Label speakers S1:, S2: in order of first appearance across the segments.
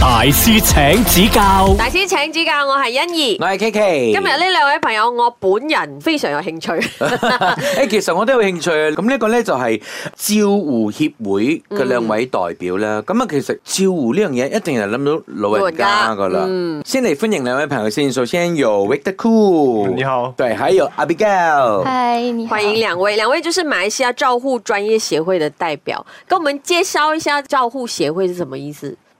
S1: 大師請指教，
S2: 大師請指教，我係欣怡，我係 K K。今日呢兩位朋友，我本人非常有興趣。
S1: 誒 其實我都有興趣。咁呢個呢，就係照護協會嘅兩位代表啦。咁啊、嗯，其實照護呢樣嘢一定係諗到老人家噶啦。嗯、先嚟歡迎兩位朋友先。首先由 Victor Cool，你好。對，還有 Abigail，嗨
S2: ，Hi，你好，歡迎兩位。兩位就是馬來西亞照護專業協會嘅代表，跟我們介紹一下照護協會是什麼意思。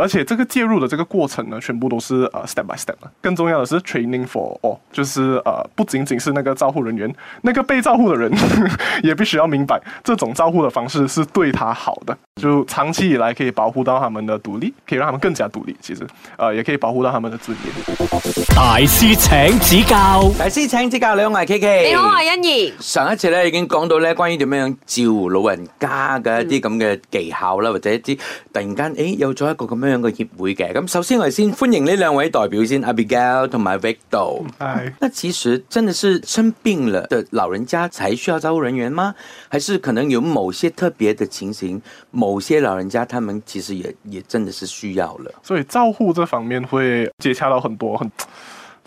S3: 而且這個介入的這個過程呢，全部都是啊、uh, step by step。更重要的是 training for，哦，就是啊、uh, 不僅僅是那個照護人員，那個被照護的人呵呵也必須要明白，這種照護的方式是對他好的，就長期以來可以保護到他們的獨立，可以讓他們更加獨立，其實啊、uh, 也可以保護到他們的尊嚴。大師請指教，大師請指教，啊、K K 你好我係 K K，你好我係欣怡。上
S1: 一次咧已經講到咧關於點樣照顧老人家嘅一啲咁嘅技巧啦，嗯、或者一啲突然間誒、欸、有咗一個咁樣。兩個協會嘅咁，首先我先歡迎呢兩位代表先，Abigail 同埋 Victor。係 Hi，那其實真的是生病了的老人家才需要照顧人員嗎？還是可能有某些特別的情形，某些老人家他們其實也也真的是需
S3: 要了。所以照顧這方面會接洽到很多很。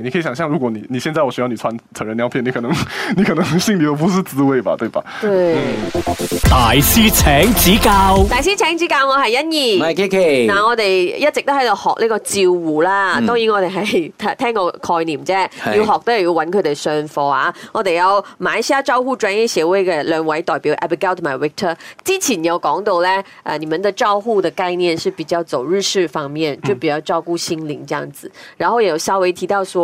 S3: 你可以想象，如果你你現在我需要你穿成人尿片，你可能你可能心裏又不是滋味吧，對吧？對。
S2: 嗯、
S3: 大師請指
S1: 教，
S2: 大師請指教，我係欣怡，唔係 Kiki。嗱，我哋一直都喺度學呢個照護啦，嗯、當然我哋係聽個概念啫，嗯、要學都係要搵佢哋上課啊。我哋有馬來西亞照護專業協會嘅兩位代表 Abigail 同埋 Victor。之前有講到咧，誒、呃、你們的照護的概念是比較走日式方面，就比較照顧心靈這樣子，嗯、然後有稍微提到說。